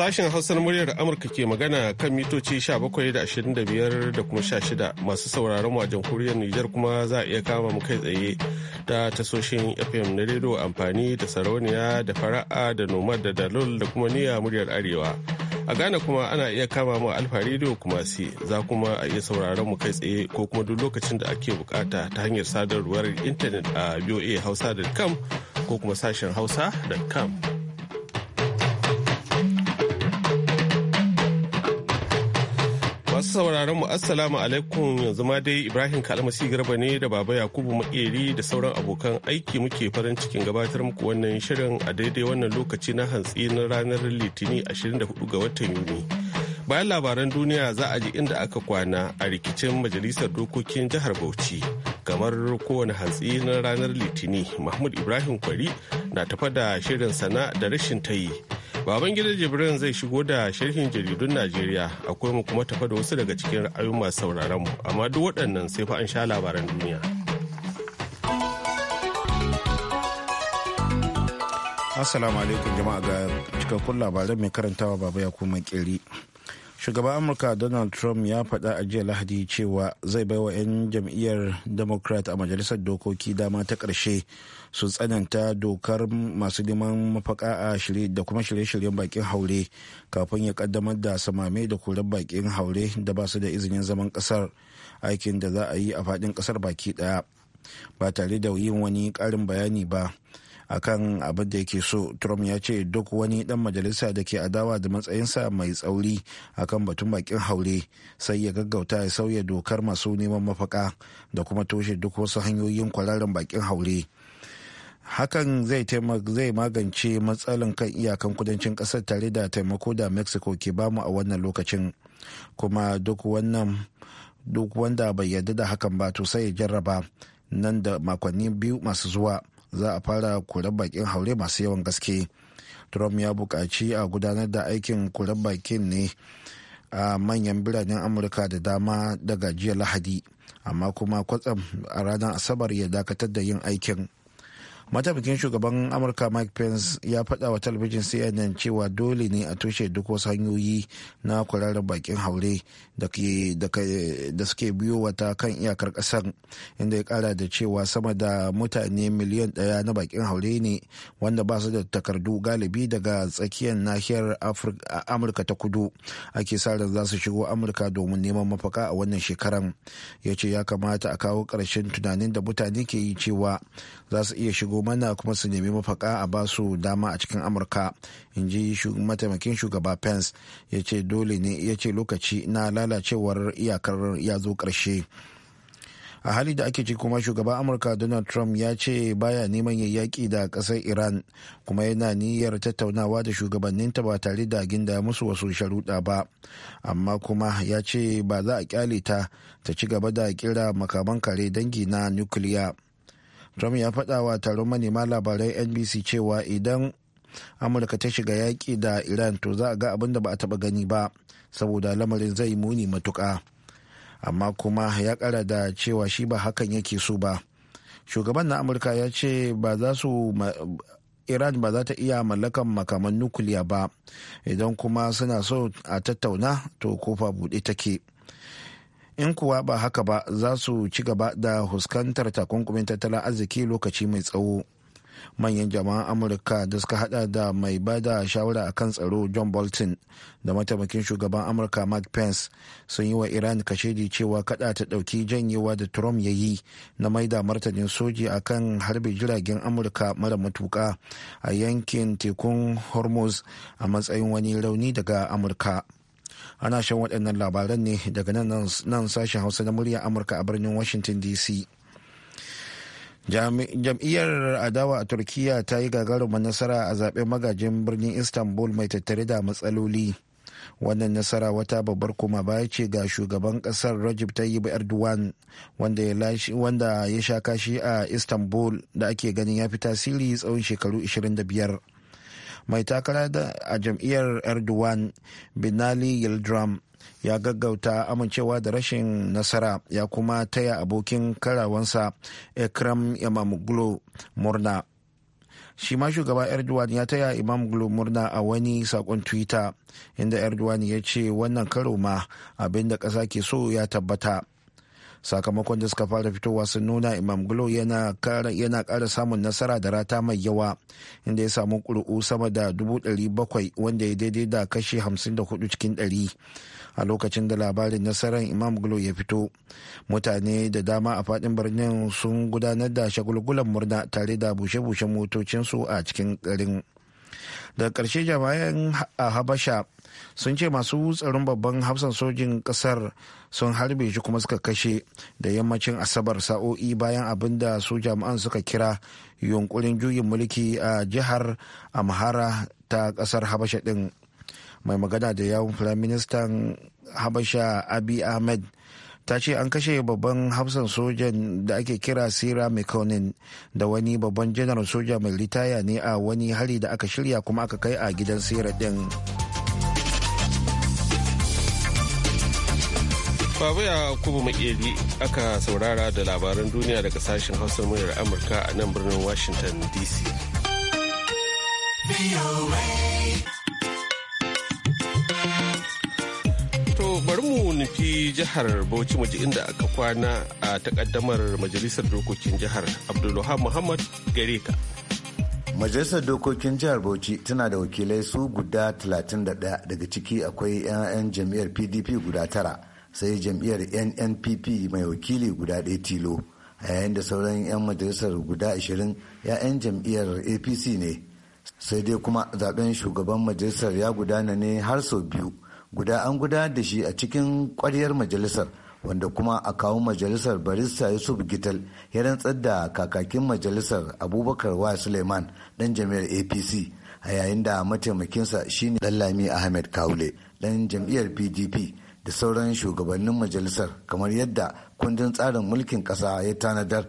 Sashen Hausar muryar Amurka ke magana kan mitoci 17.25 da kuma 16 masu sauraron mu a jamhuriyar Nijar kuma za a iya kama mu kai tsaye ta tasoshin FM na rediyo amfani da sarauniya da fara'a da nomad da dalol da kuma niya muryar Arewa. A Ghana kuma ana iya kama mu Alfa rediyo kuma si za kuma a iya sauraron mu kai tsaye ko kuma duk lokacin da ake bukata ta hanyar sadarwar intanet a hausa.com ko kuma sashen hausa.com. Masu sauraron mu assalamu alaikum yanzu ma dai Ibrahim si Garba ne da Baba Yakubu Makeri da sauran abokan aiki muke farin cikin gabatar muku wannan shirin a daidai wannan lokaci na hantsi na ranar Litini 24 ga watan Yuni. Bayan labaran duniya za a ji inda aka kwana a rikicin majalisar dokokin jihar Bauchi. Kamar kowane hantsi na ranar Litini, Mahmud Ibrahim Kwari na tafa da shirin sana da rashin tayi. Baban gidan Jibrin zai shigo da sharhin jaridun Najeriya akwai mu kuma tafa da wasu daga cikin ra'ayoyin masu sauraron mu amma duk waɗannan sai fa an sha labaran duniya. Assalamu alaikum jama'a ga cikakkun labaran mai karantawa baba ya kuma shugaban amurka donald trump ya faɗa a jiya lahadi cewa zai bai wa 'yan jam'iyyar democrat a majalisar dokoki dama ta ƙarshe su tsananta dokar masu neman mafaka a shirye da kuma shirye-shiryen bakin haure kafin ya kaddamar da samame da korar bakin haure da ba su da izinin zaman kasar aikin da za a yi a faɗin kasar baki ɗaya ba tare da yin wani ƙarin bayani ba akan abin da yake so trump ya ce duk wani dan majalisa da ke adawa da matsayinsa mai tsauri akan batun bakin haure sai ya gaggauta ya sauya dokar masu neman mafaka da kuma toshe duk wasu hanyoyin kwararren bakin haure hakan zai zai magance matsalin kan iyakan kudancin kasar tare da taimako da mexico ke bamu a wannan lokacin kuma duk wannan duk wanda bai yarda da hakan ba to sai ya jarraba nan da makonni biyu masu zuwa za a fara korar bakin haure masu yawan gaske trump ya bukaci a gudanar da aikin korar bakin ne a manyan biranen amurka da dama daga jiya lahadi amma kuma kwatsam a ranar asabar ya dakatar da yin aikin mataimakin shugaban amurka mike pence ya faɗa wa talabijin cnn cewa dole ne a toshe duk wasu hanyoyi na kwararren bakin haure da suke biyo wata kan iyakar ƙasar inda ya ƙara da cewa sama da mutane miliyan ɗaya na bakin haure ne wanda ba su da takardu galibi daga tsakiyar nahiyar amurka ta kudu ake sa ran za su shigo amurka domin neman mafaka a wannan shekaran ya ce ya kamata a kawo karshen tunanin da mutane ke yi cewa za su iya shigo mana kuma su nemi mafaka a ba su dama a cikin amurka in ji mataimakin shugaba pence ya ce dole ne ya ce lokaci na lalacewar iyakar ya zo ƙarshe a hali da ake ci kuma shugaban amurka donald trump ya ce baya neman ya yaƙi da ƙasar iran kuma yana niyyar tattaunawa da shugabanninta ba tare da ginda musu wasu sharuɗa ba amma kuma ya ce ba za a kyale ta ta ci gaba da kira makaman kare dangi na nukiliya. trump ya faɗa wa taron manema labarai nbc cewa idan amurka ta shiga yaƙi da iran to za a ga abin da ba a taɓa gani ba saboda lamarin zai muni matuƙa amma kuma ya ƙara da cewa shi ba hakan yake so ba shugaban na amurka ya ce ba za su iran ba za ta iya mallakan makaman nukiliya ba idan kuma suna so a tattauna to kofa buɗe take in kuwa ba haka ba za su ci gaba da huskantar takunkumin tattalin arziki lokaci mai tsawo manyan jama'an amurka da suka hada da mai ba da shawara kan tsaro john bolton da mataimakin shugaban amurka mark pence sun yi wa iran kashedi cewa kada ta dauki janyewa da trump ya yi na maida martanin soji a kan harbi jiragen amurka mara matuka a yankin tekun hormuz a matsayin wani rauni daga amurka. ana shan waɗannan labaran ne daga nan sashen hausa na murya amurka a birnin washington dc jam'iyyar adawa a turkiya ta yi gagarumar nasara a zaben magajin birnin istanbul mai tattare da matsaloli wannan nasara wata babbar koma baya ce ga shugaban kasar rajib tayyip erdogan wanda ya sha kashi a istanbul da ake ganin ya fi tasiri tsawon shekaru 25 mai takara a jam'iyyar erdogan binali yildram ya gaggauta amincewa da rashin nasara ya kuma taya abokin karawansa ekram imamoglu murna shi ma shugaba erdogan ya taya imam glo murna a wani sakon twitter inda erdogan ya ce wannan karo ma abinda ƙasa ke so ya tabbata sakamakon da suka fara fitowa sun nuna imam glo yana kara samun nasara da rata mai yawa inda ya samu ƙuri'u sama da 700 wanda ya daidai da kashi 54 cikin 100 a lokacin da labarin nasarar imam glo ya fito mutane da dama a fadin birnin sun gudanar da shagulgulan murna tare da bushe-bushen motocinsu a cikin garin. daga ƙarshe jama'in a habasha sun ce masu tsaron babban hafsan sojin ƙasar sun harbe shi kuma suka kashe da yammacin asabar sa'o'i bayan abin da su jami'an suka kira yunkurin juyin mulki a jihar amhara ta ƙasar habasha ɗin mai magana da yawun firaministan habasha abi ahmed ta ce an kashe babban hafsan sojan da ake kira sira mekonin da wani babban janar soja mai ritaya ne a wani hari da aka shirya kuma aka kai a gidan sira din Baba ya kuma makeri aka saurara da labaran duniya daga sashen hausa muryar amurka a nan birnin washington dc bari mu nufi jihar bauchi mu inda aka kwana a takaddamar majalisar dokokin jihar abdulluhan muhammad Gareka. majalisar dokokin jihar bauchi tana da wakilai su guda 31 daga ciki akwai 'yan jam'iyyar pdp guda tara sai jam'iyyar nnpp mai wakili guda ɗaya tilo a yayin da sauran 'yan majalisar guda 20 'ya'yan jam'iyyar apc ne sai dai kuma zaben shugaban majalisar ya gudana ne har sau biyu guda an gudanar da shi a cikin ƙwaryar majalisar wanda kuma a kawo majalisar barista yusuf gital ya rantsar da kakakin majalisar abubakar wa suleiman dan jami'ar apc a yayin da mataimakinsa shine lami ahmed kawule dan jami'ar pdp da sauran shugabannin majalisar kamar yadda kundin tsarin mulkin ƙasa ya tanadar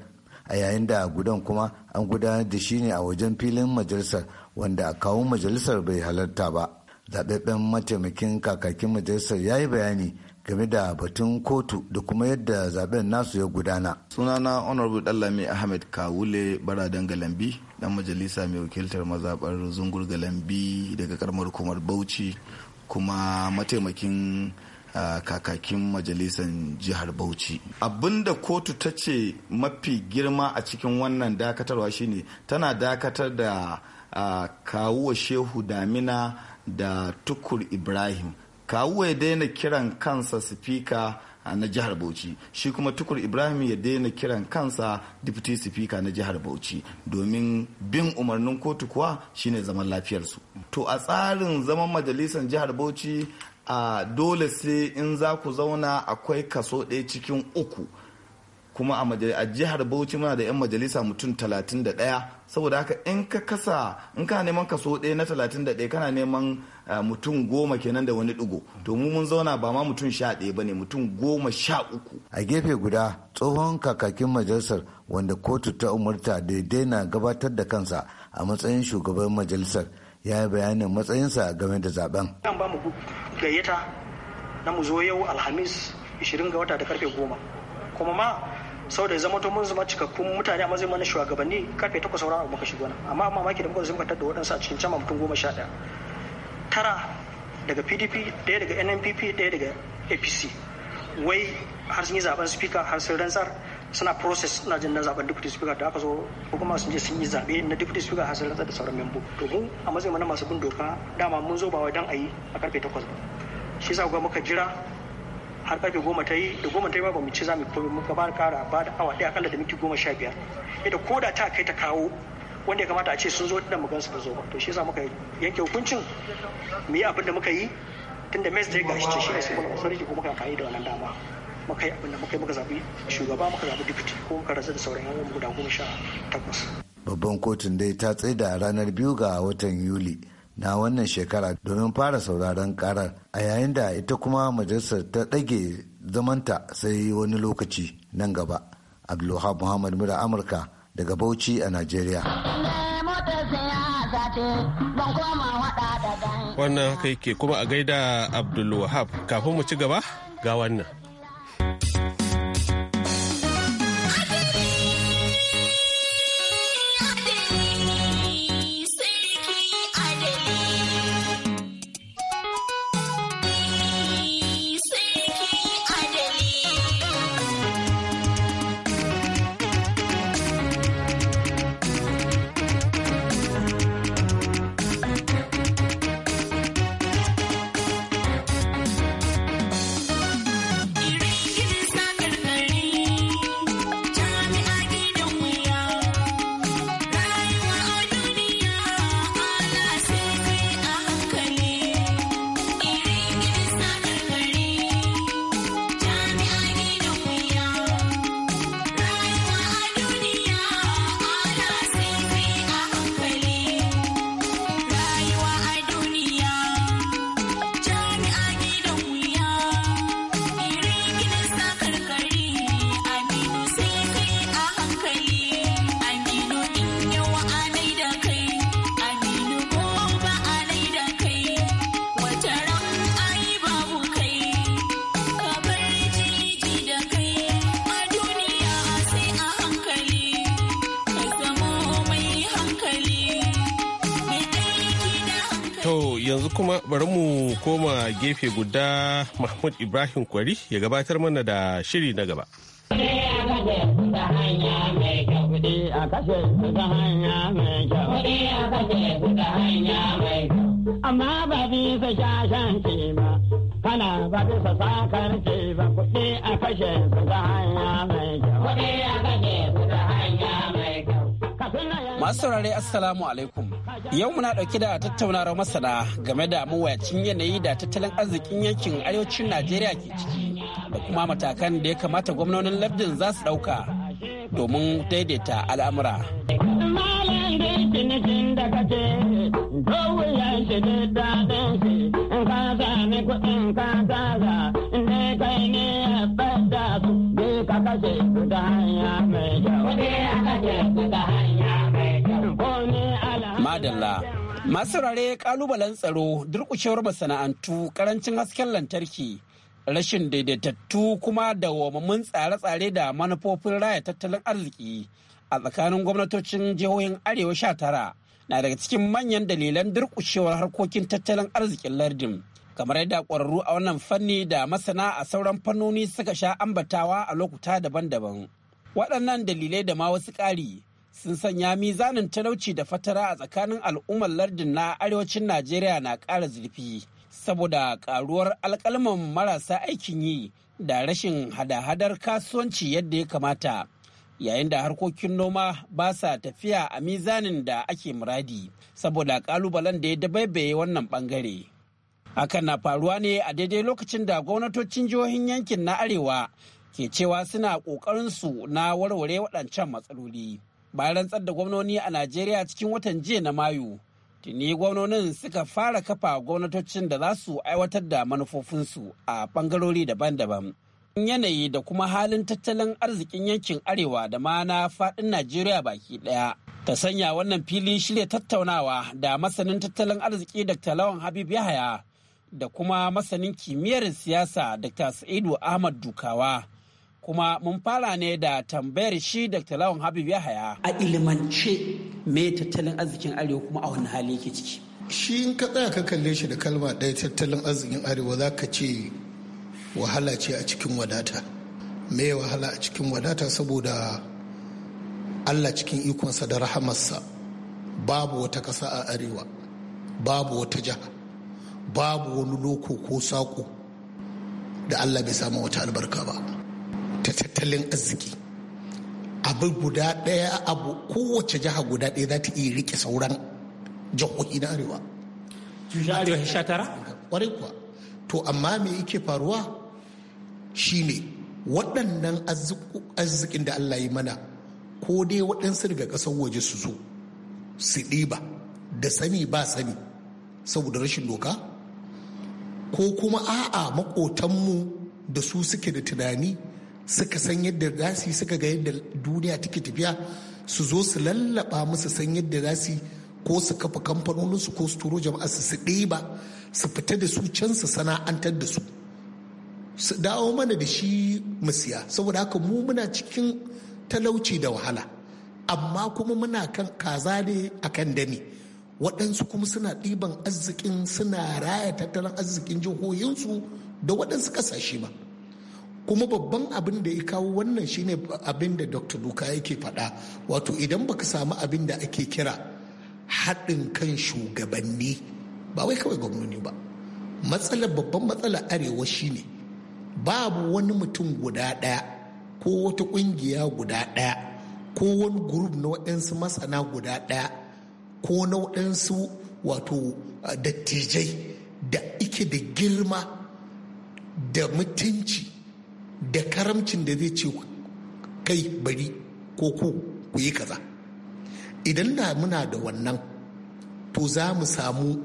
a yayin da gudan kuma an gudanar da shi ne a wajen filin majalisar wanda a kawo majalisar bai halarta ba zaɓaɓɓen mataimakin kakakin majalisar ya yi bayani game da batun kotu da kuma yadda zaɓen nasu ya gudana. sunana honorable dallami ahmed kawule bara galambi dan majalisa mai wakiltar mazaɓar zungur galambi daga karamar kumar bauchi kuma mataimakin kakakin majalisar jihar bauchi abinda kotu ta ce mafi girma a cikin wannan dakatarwa shine tana dakatar da kawuwa shehu damina da tukur ibrahim kawu ya daina kiran kansa sifika na jihar bauchi shi kuma tukur ibrahim ya daina kiran kansa deputy sifika na jihar bauchi domin bin umarnin kotu kuwa shine zaman lafiyarsu to a tsarin zaman majalisar jihar bauchi a dole sai in za ku zauna akwai kaso ɗaya cikin uku kuma a jihar bauchi muna da 'yan majalisa mutum 31 saboda haka in ka kasa in ka neman kaso ɗaya na 31 kana neman eh, mutum goma kenan da wani ɗigo to mu mun zauna ba ma mutum sha ɗaya ba ne mutum goma sha uku a gefe guda tsohon kakakin majalisar wanda kotu ta umarta daidai na gabatar da kansa a matsayin shugaban majalisar ya yi bayanin matsayinsa game da zaben an ba mu gayyata na mu zo yau alhamis 20 ga wata da karfe goma kuma ma Sau ya zama to mun zama cikakkun mutane amma zai mana shugabanni karfe takwas sauran abu muka shigo nan amma amma maki da muka zama da waɗansu a cikin cama mutum goma sha ɗaya tara daga pdp ɗaya daga nnpp ɗaya daga apc wai har sun yi zaben speaker har sun rantsar suna process suna jin na zaben deputy speaker da aka zo ko sun je sun yi zaɓe na deputy speaker har sun rantsar da sauran membo to mu a matsayin mana masu bin doka dama mun zo ba wai dan ayi a karfe takwas ba shi yasa ga muka jira har karfe goma ta yi da goma ta yi ba mu ci za mu komi muka ba kara ba da awa ɗaya akalla da minti goma sha biyar yadda ko da ta kai ta kawo wanda ya kamata a ce sun zo da mu gansu ba zo ba to shi yasa muka yanke hukuncin mu yi abin da muka yi tunda mes da ya gashi ce shi ne su muka sarki kuma muka amfani da wannan dama muka yi abin da muka yi muka zaɓi shugaba muka zaɓi dipiti ko muka rasa da sauran yan guda goma sha takwas. babban kotun dai ta da ranar biyu ga watan yuli na wannan shekara domin fara sauraron karar a yayin da ita kuma majalisar ta ɗage zamanta sai wani lokaci nan gaba abdulwahab muhammad mura amurka daga bauchi a nigeria wannan haka yake kuma a gaida abdulwahab kafin mu ci gaba ga wannan To yanzu kuma bari mu koma gefe guda Mahmud Ibrahim Kwari ya gabatar mana da shiri na gaba. Amma ba bisa shashan ke ba, kana ba bisa sakar ke ba, kuɗi a kashe su ta hanya mai kyau. Kuɗi a kashe su ta hanya Masu saurare Assalamu alaikum. Yau muna ɗauke da tattaunawar masana game da mawacin yanayi da tattalin arzikin yankin arewacin Najeriya ke ciki da kuma matakan da ya kamata gwamnonin labdin za su ɗauka domin daidaita al'amura. ka hanya mai kyau. Kuɗi a ce ta hanya. Allah. Masu rare kalubalen tsaro, durkushewar masana'antu, karancin hasken lantarki, rashin daidaitattu kuma da wamamin tsare-tsare da manufofin raya tattalin arziki a tsakanin gwamnatocin jihohin Arewa sha tara na daga cikin manyan dalilan durkushewar harkokin tattalin arzikin lardin. Kamar yadda ƙwararru a wannan fanni da masana a sauran fannoni suka sha ambatawa a lokuta daban-daban. Waɗannan dalilai da ma wasu ƙari sun sanya mizanin talauci da fatara a tsakanin al'ummar lardin na arewacin najeriya na ƙara zurfi saboda ƙaruwar alƙalman marasa aikin yi da rashin hada-hadar kasuwanci yadda ya kamata yayin da harkokin noma ba sa tafiya a mizanin da ake muradi saboda ƙalubalen da ya dabaibaye wannan bangare hakan na faruwa ne a daidai lokacin da gwamnatocin jihohin yankin na arewa ke cewa suna ƙoƙarinsu na warware waɗancan matsaloli. bayan rantsar da gwamnoni a najeriya cikin watan jiya na mayu tuni gwamnonin suka fara kafa gwamnatocin da za su aiwatar da manufofinsu a bangarori daban-daban In yanayi da kuma halin tattalin arzikin yankin arewa da ma na faɗin najeriya baki ɗaya ta sanya wannan fili shirya tattaunawa da masanin tattalin arziki dr lawan habib yahaya da kuma masanin kimiyyar siyasa dr sa'idu ahmad dukawa kuma mun fara ne da tambayar shi Dr. Lawan Habib Yahaya. A ilimance me tattalin arzikin Arewa kuma a wani hali yake ciki? Shi in ka tsaya ka kalle shi da kalma ɗaya tattalin arzikin Arewa za ka ce wahala ce a cikin wadata. Me wahala a cikin wadata saboda Allah cikin ikonsa da rahamarsa babu wata ƙasa a Arewa, babu wata jiha, babu wani loko ko saƙo da Allah bai samu wata albarka ba. ta tattalin arziki abu guda ɗaya abu kowace jiha guda ɗaya za ta iya rike sauran jihohi na arewa kwarai kuwa to amma me yake faruwa shine waɗannan arzikin da Allah yi mana ko dai waɗansu daga ƙasar waje su zo su ɗiba da sani ba sani saboda rashin doka ko kuma a'a maƙotanmu da su suke da tunani suka san yadda za su suka ga yadda duniya take tafiya su zo su lallaba musu san yadda za su ko su kafa kamfanoninsu ko su turo jama'a su su su fita da su can su sana'antar da su su dawo mana da shi musiya saboda haka mu muna cikin talauci da wahala amma kuma muna kan kaza ne a kan dami waɗansu kuma suna ɗiban arzikin suna raya tattalin arzikin jihohinsu da waɗansu ƙasashe ba. kuma babban abin da ya kawo wannan shine abin da dr duka yake faɗa wato idan baka samu abin da ake kira haɗin kan shugabanni ba wai kawai gwamnoni ba matsalar babban matsalar arewa shine babu wani mutum guda ɗaya ko wata ƙungiya guda ɗaya ko wani gurub na waɗansu masana guda ɗaya ko na waɗansu wato ah, dattijai da ike da girma da mutunci da karamcin da zai ce kai bari ko ku ku yi kaza idan da muna da wannan to za mu samu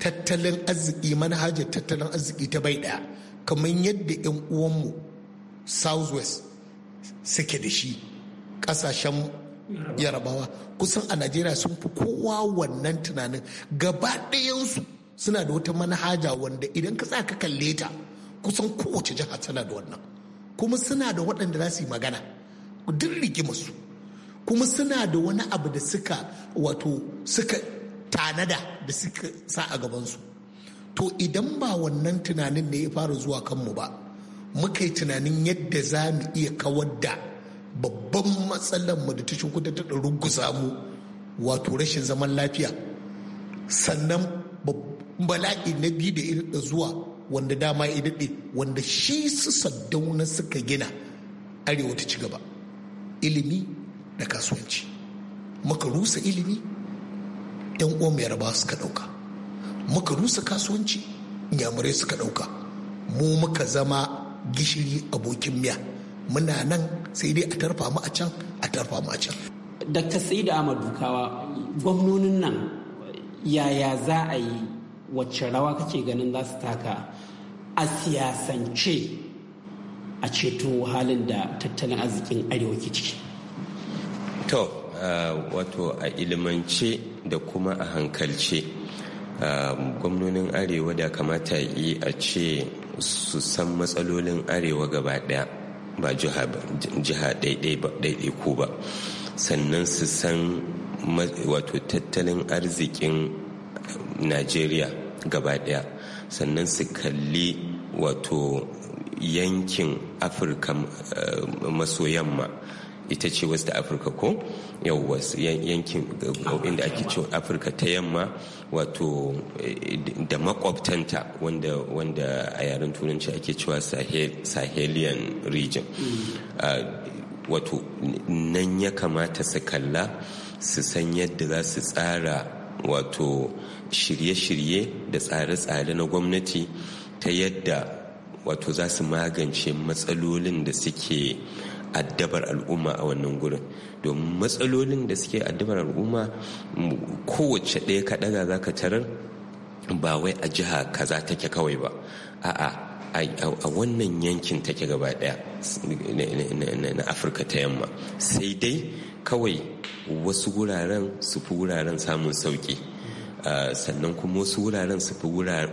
tattalin arziki manhajar tattalin arziki ta bai daya kamar yadda 'yan uwanmu southwest suke da shi kasashen yarabawa kusan a najeriya sun fi kowa wannan tunanin gaba ɗayansu suna da wata manhaja wanda idan ka tsaka kalle ta kusan kowace jiha tana da wannan kuma suna da waɗanda za su yi magana duk rigimarsu kuma suna da wani abu da suka wato suka tanada da suka sa a gabansu to idan ba wannan tunanin ne ya fara zuwa kanmu ba muka yi tunanin yadda za mu iya kawar da babban matsalar mu da ta shukuta ta ruguza mu wato rashin zaman lafiya sannan bala'i na biyu da da zuwa wanda dama ya daɗe wanda shi su saddauna suka gina arewa ta ci gaba ilimi da kasuwanci muka rusa ilimi yan uwan yarba suka ɗauka muka rusa kasuwanci yamurai suka ɗauka mu muka zama gishiri abokin miya muna nan sai dai a tarfa mu a can a tarfa mu a can dakta sai da amadu kawa gwamnonin nan yaya za a yi wacce rawa kake ganin za su taka a siyasance a ceto halin da tattalin arzikin arewa ke ciki to wato a ilimance da kuma a hankalce gwamnonin arewa da kamata yi a ce su san matsalolin arewa gaba daya ba jiha daidai ko ba sannan su san wato tattalin arzikin najeriya gaba daya sannan su kalli wato yankin afirka eh, maso yamma ita ce west afirka ko yankin eh, inda ake afirka ta yamma wato eh, da makwabtanta wanda, a yaren turanci ake cewa sahelian region mm. ah, wato nan ya kamata su kalla su san yadda za su tsara wato shirye-shirye da tsare-tsare na gwamnati ta yadda wato za su magance matsalolin da suke addabar al'umma a wannan gurin domin matsalolin da suke addabar al'umma kowace ɗaya ka ɗaga za ka tarar ba wai a jiha kaza take kawai ba a'a a wannan yankin take gaba ɗaya na afirka ta yamma sai dai kawai wasu wuraren su fi wuraren samun sauki ah, sannan kuma wasu wuraren su fi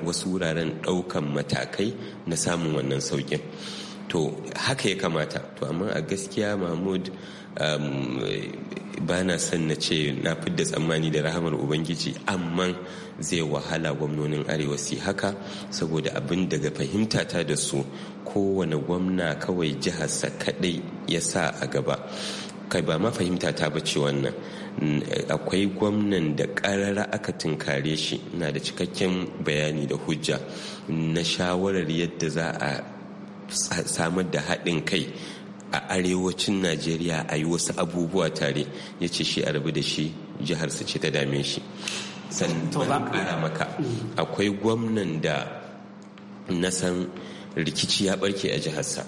wasu wuraren ɗaukan matakai na samun wannan saukin to haka ya kamata to amma a gaskiya mahmud ba na son na ce na da tsammani da rahamar ubangiji amma zai wahala gwamnonin arewa su haka saboda abin daga fahimtata da su kowane gwamna kawai jiharsa kadai ya sa a gaba kai ba ma fahimta ta bace wannan akwai gwamnan da karara aka tunkare shi na da cikakken bayani da hujja na shawarar yadda za a samar da haɗin kai a arewacin najeriya a yi wasu abubuwa tare ya ce shi a rabu da shi jiharsa ce ta dame shi sannan kara maka mm. akwai gwamnan da na san rikici ya barke a jiharsa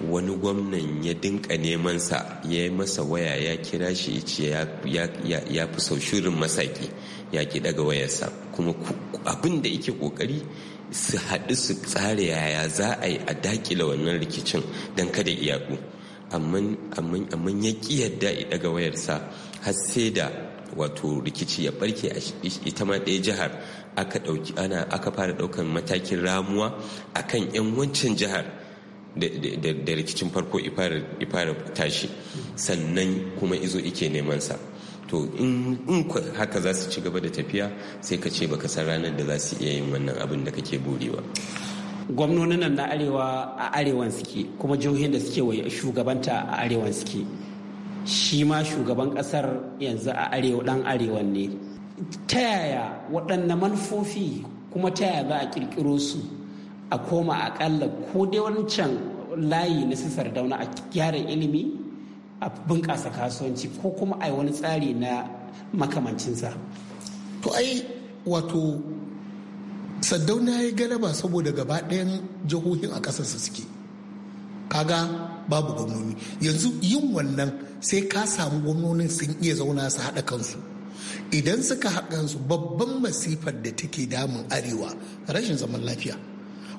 wani gwamnan ya dinka neman sa ya yi masa waya ya kira shi ya ce ya fi sau shirin masaki ya ki daga wayarsa kuma abin da yake kokari su haɗu su tsara yaya za a yi a dakila wannan rikicin don kada iyaku amma ya ƙi yadda ya daga wayarsa har sai da wato rikici ya barke a ita ma ɗaya jihar aka fara ɗaukar matakin ramuwa a kan 'yan wancan jihar da rikicin farko ifara tashi sannan kuma izo ike neman sa to in haka za su ci gaba da tafiya sai ka ce baka san ranar da za su iya yin wannan abin da kake burewa gwamnonin nan na arewa a arewan suke kuma jihohin da suke wa shugabanta a arewan suke shi ma shugaban kasar yanzu a arewa dan arewan ne ta yaya waɗanne manufofi kuma ta yaya za a kirkiro su a koma akalla ko dai wancan layi na sisar dauna a gyara ilimi a bunƙasa kasuwanci ko kuma a wani tsari na makamancinsa to ai wato saddauna ya galaba saboda gaba ɗayan jihohin a ƙasarsa suke kaga babu gwamnoni yanzu yin wannan sai ka samu gwamnonin sun iya zauna su haɗa kansu idan suka haɗa kansu babban masifar da take damun arewa rashin zaman lafiya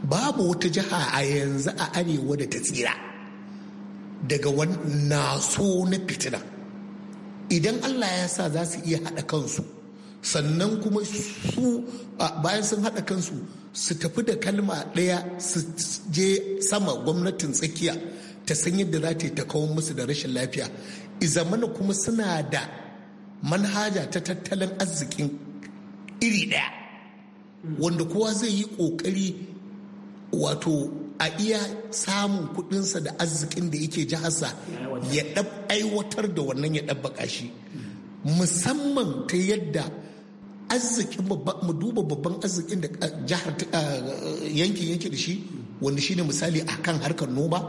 babu wata jiha a yanzu a arewa da ta tsira daga wani naso na fitina idan allah ya sa za su iya haɗa kansu sannan kuma su bayan sun haɗa kansu su tafi da kalma ɗaya su je sama gwamnatin tsakiya ta san yadda za ta yi ta kawo musu da rashin lafiya izamana kuma suna da manhaja ta tattalin arzikin iri ɗaya wanda kowa zai yi ƙoƙari wato a iya samun kudinsa da arzikin da yake jiharsa ya ɗab aiwatar da wannan ya ɗabbaka shi musamman ta yadda arzikin mu duba babban arzikin da jihar yankin yake da shi wanda shine misali a kan harkar noma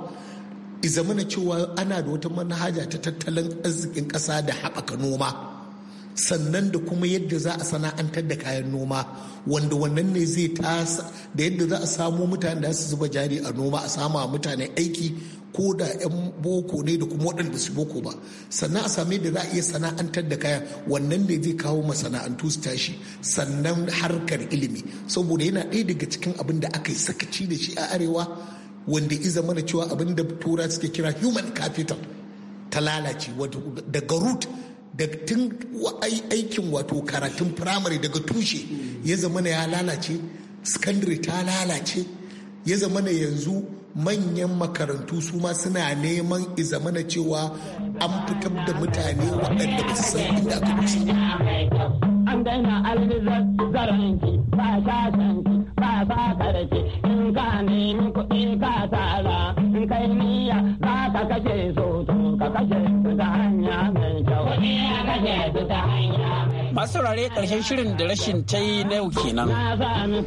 izamana cewa ana da wata manhaja ta tattalin arzikin ƙasa da haɓaka noma sannan da kuma yadda za a sana'antar da kayan noma wanda wannan ne zai tasa da yadda za a samu mutane da su zuba jari a noma a sama mutane aiki ko da 'yan boko ne da kuma waɗanda su boko ba sannan a same da za a iya sana'antar da kaya wannan ne zai kawo masana'antu su tashi sannan harkar ilimi saboda yana ɗaya daga cikin abin da aka yi sakaci da shi a arewa wanda iza mana cewa abin da tura suke kira human capital ta lalace daga root da tun aikin wato karatun firamare daga tushe ya zama na ya lalace secondary ta lalace ya zama na yanzu manyan makarantu su ma suna neman izamana cewa an fitar da mutane waɗanda ba su san inda aka kusa. ba. An daina almizar zaranki ba ba ba ka nemi kuɗi ka tara in kai niyya za ka kashe su ka kashe su hanya mai kyau. Masu saurare ƙarshen shirin da rashin ta yi na yau kenan.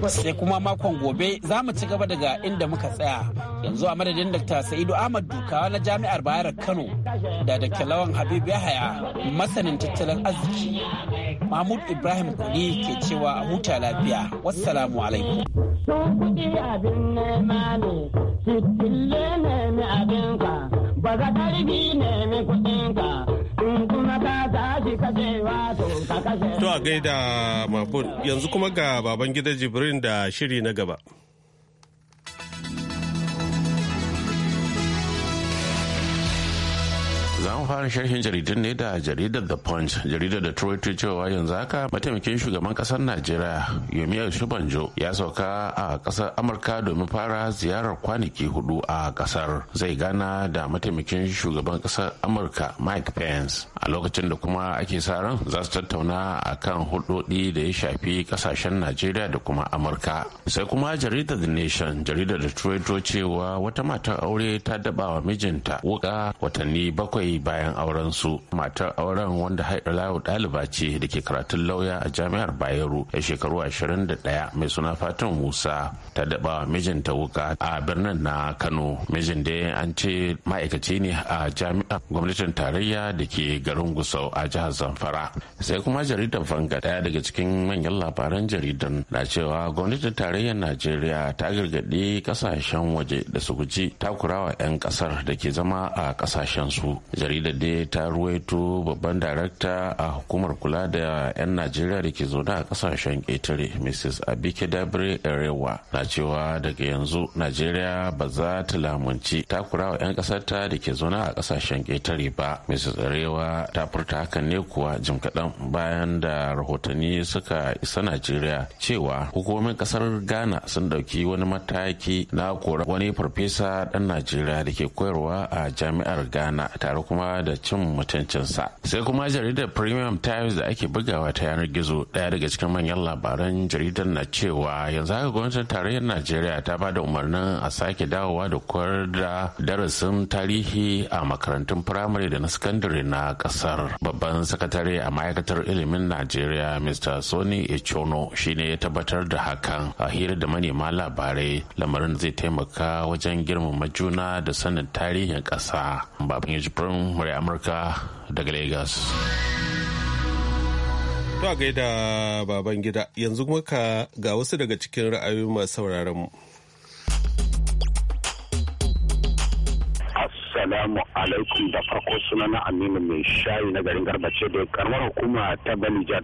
Sai kuma makon gobe za mu ci gaba daga inda muka tsaya. Yanzu a madadin Dr. Sa'idu Ahmad Dukawa na Jami'ar Bayar Kano da Dr. Lawan Habib Yahaya masanin tattalin arziki. Mahmud Ibrahim Kuli ke cewa a huta lafiya. Wassalamu alaikum. Sun kuɗi abin nema ne, fitille nemi abin ka, ba za ka rigi kuɗin ka, in kuma ka tashi to ka kashe. To a gaida Mahmud yanzu kuma ga baban gida Jibrin da shiri na gaba. za mu fara sharhin jaridun ne da jaridar the punch jaridar da ta cewa yanzu haka mataimakin shugaban kasar najeriya yomiya subanjo ya sauka a kasar amurka domin fara ziyarar kwanaki hudu a kasar zai gana da mataimakin shugaban kasar amurka mike pence a lokacin da kuma ake sa ran za su tattauna a kan hudodi da ya shafi kasashen najeriya da kuma amurka sai kuma jaridar the nation jaridar da ta cewa wata matar aure ta daba wa mijinta wuka watanni bakwai yi bayan auren su matar auren wanda hailawu ɗaliba ce da ke karatun lauya a jami'ar bayero ya shekaru 21 mai suna fatan musa ta daɓa mijinta wuka a birnin na kano mijin da an ce ma'aikaci ne a jami'ar gwamnatin tarayya da ke garin gusau a jihar zamfara sai kuma jaridar fanga ɗaya daga cikin manyan labaran jaridan na cewa gwamnatin tarayyar najeriya ta gargaɗi ƙasashen waje da su guji takurawa 'yan ƙasar da ke zama a kasashen su jaridar da ta ruwaito babban darakta a hukumar kula da 'yan najeriya da ke zaune a kasashen ƙetare mrs abike dabre erewa na cewa daga yanzu najeriya ba za ta lamunci takura wa 'yan ƙasarta da ke zaune a kasashen ƙetare ba mrs erewa ta furta hakan ne kuwa jim kaɗan bayan da rahotanni suka isa najeriya cewa hukumomin ƙasar ghana sun ɗauki wani mataki na kora wani farfesa ɗan najeriya da ke koyarwa a jami'ar ghana tare kuma da cin mutuncinsa sai kuma jaridar premium times da ake bugawa ta yanar gizo daya daga cikin manyan labaran jaridar na cewa yanzu haka gwamnatin tarayyar najeriya ta ba da umarnin a sake dawowa da koyar da darasin tarihi a makarantun firamare da na sakandare na kasar babban sakatare a ma'aikatar ilimin najeriya mr sony echono shine ya tabbatar da hakan a hira da manema labarai lamarin zai taimaka wajen girmama juna da sanin tarihin kasa. babban ya Hassan Amurka daga Lagos. To gaida baban gida yanzu muka ga wasu daga cikin ra'ayoyin masu sauraron mu. Assalamu alaikum da farko suna na Aminu mai shayi na garin Garbace da karamar hukuma ta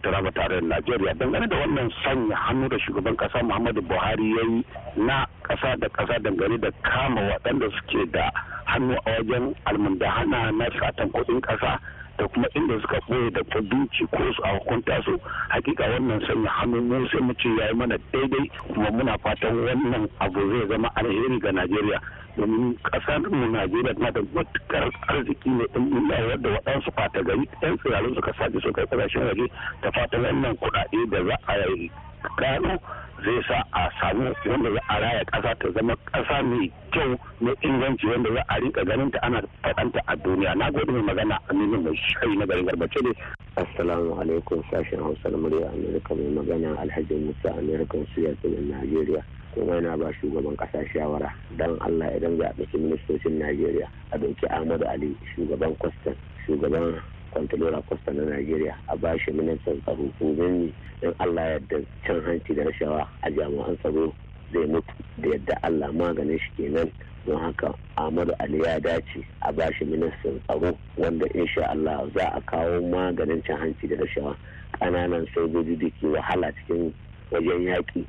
ta raba tare da Najeriya dangane da wannan sanya hannu da shugaban kasa Muhammadu Buhari ya yi na kasa da kasa dangane da kama waɗanda suke da hannu a wajen almundahana na satan kuɗin kasa da kuma inda suka ɓoye da kudinci ko su a hukunta su hakika wannan sanya hannu mu sai mu ce yayi mana daidai kuma muna fatan wannan abu zai zama alheri ga Najeriya domin kasar mu Najeriya tana da matukar arziki ne din Allah da waɗansu fata gari ɗan tsirarin suka su kai kasashen waje ta fata wannan kuɗaɗe da za a yi gano zai sa a samu wanda za a raya ƙasa ta zama ƙasa mai kyau mai inganci wanda za a rika ganin ta ana faɗanta a duniya na gode mai magana aminu mai shayi na garin garbace ne assalamu alaikum sashen hausa na murya amurka mai magana alhaji musa amurkan suya tsibirin najeriya kuma yana ba shugaban kasa shawara don allah idan za a ɗauki ministocin najeriya a ɗauki ahmadu ali shugaban kwastan shugaban kwantalora kwastan na najeriya a ba shi ministan tsaro ko domin don allah yadda cin hanci da rashawa a jami'an tsaro zai mutu da yadda allah maganin shi kenan don haka ahmadu ali ya dace a ba shi ministan tsaro wanda insha allah za a kawo maganin cin hanci da rashawa ƙananan sojoji da ke wahala cikin wajen yaƙi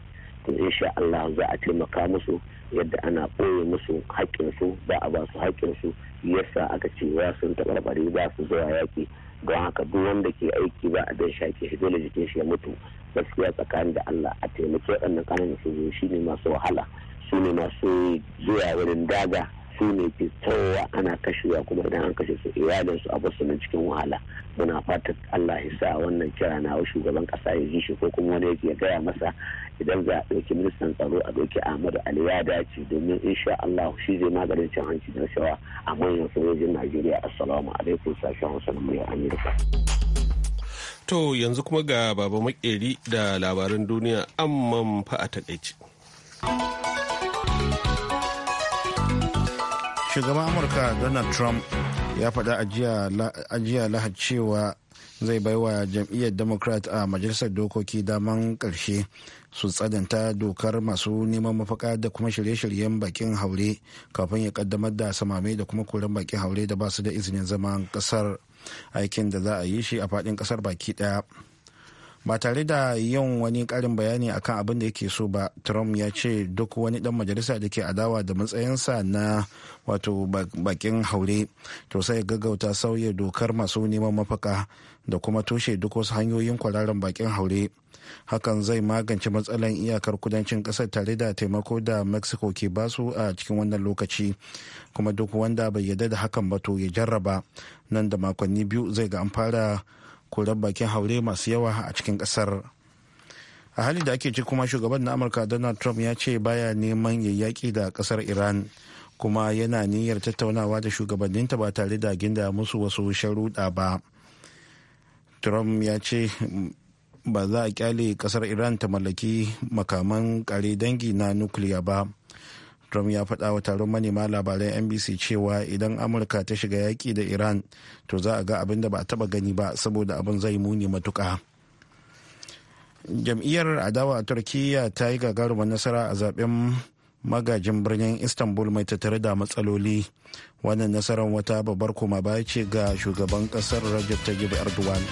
to sha Allah za a taimaka musu yadda ana ɓoye musu haƙƙinsu ba a ba su haƙƙinsu yasa aka ce ya sun taɓarɓare za su zuwa yaƙi don haka duk wanda ke aiki ba a dan shaƙi shi dole jikin shi ya mutu gaskiya tsakanin da Allah a taimaki waɗannan ƙananan sojoji shine masu wahala su ne masu zuwa wurin daga su ne ke tsawowa ana kashewa kuma idan an kashe su iyalin su abu su cikin wahala muna fatan Allah ya sa wannan kira na shugaban kasa ya ji shi ko kuma wani ya gaya masa idan za a ɗauki ministan tsaro a ɗauki Ahmadu Ali ya dace domin insha Allah shi zai maganin cin hanci da shawa a manyan sojojin Najeriya assalamu alaikum sashen Hausa na murya Amurka. To yanzu kuma ga baba makeri da labaran duniya amman fa a takaici. shugaban amurka donald trump ya faɗa ajiya jiya lahad cewa zai baiwa jam'iyyar democrat a majalisar dokoki daman ƙarshe su tsananta dokar masu neman mafaka da kuma shirye-shiryen bakin haure kafin ya kaddamar da samame da kuma koren bakin haure da ba su da izinin zaman kasar aikin da za a yi shi a faɗin kasar baki ɗaya. ba tare da yin wani karin bayani akan abin da yake so ba trump ya ce duk wani dan majalisa da ke adawa da matsayinsa na wato bakin haure to sai gaggauta sauya dokar masu neman mafaka da kuma toshe duk wasu hanyoyin kwararren bakin haure hakan zai magance matsalar iyakar kudancin kasar tare da taimako da mexico ke basu a cikin wannan lokaci kuma duk wanda bai yarda da hakan ba to ya jarraba nan da makonni biyu zai ga an fara korar bakin haure masu yawa a cikin kasar a hali da ake ci kuma shugaban na amurka donald trump ya ce baya neman ya yaƙi da kasar iran kuma yana niyyar tattaunawa da shugabanninta ba tare da ginda musu wasu sharuɗa ba trump ya ce ba za a kyale kasar iran ta mallaki makaman kare dangi na nukiliya ba trump ya faɗa wa taron manema labaran nbc cewa idan amurka ta shiga yaƙi da iran to za a ga abin da ba a taɓa gani ba saboda abin zai muni matuƙa jam'iyyar adawa a turkiyya ta yi gagarumar nasara a zaben magajin birnin istanbul mai tattare da matsaloli wannan nasarar wata babbar koma baya ce ga shugaban kasar rajab tayyip erdogan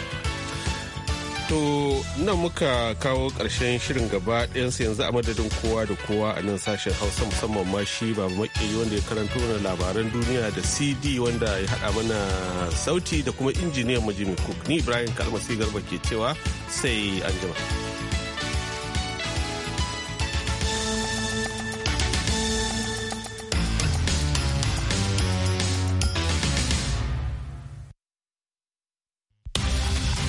To nan muka kawo ƙarshen shirin gaba ɗayansa yanzu a madadin kowa da kowa a nan sashen Hausa musamman ma shi Baba Makeri wanda ya karanto mana labaran duniya da CD wanda ya haɗa mana sauti da kuma injiniyan mu Cook. Ni Ibrahim Kalmasi Garba ke cewa sai anjima.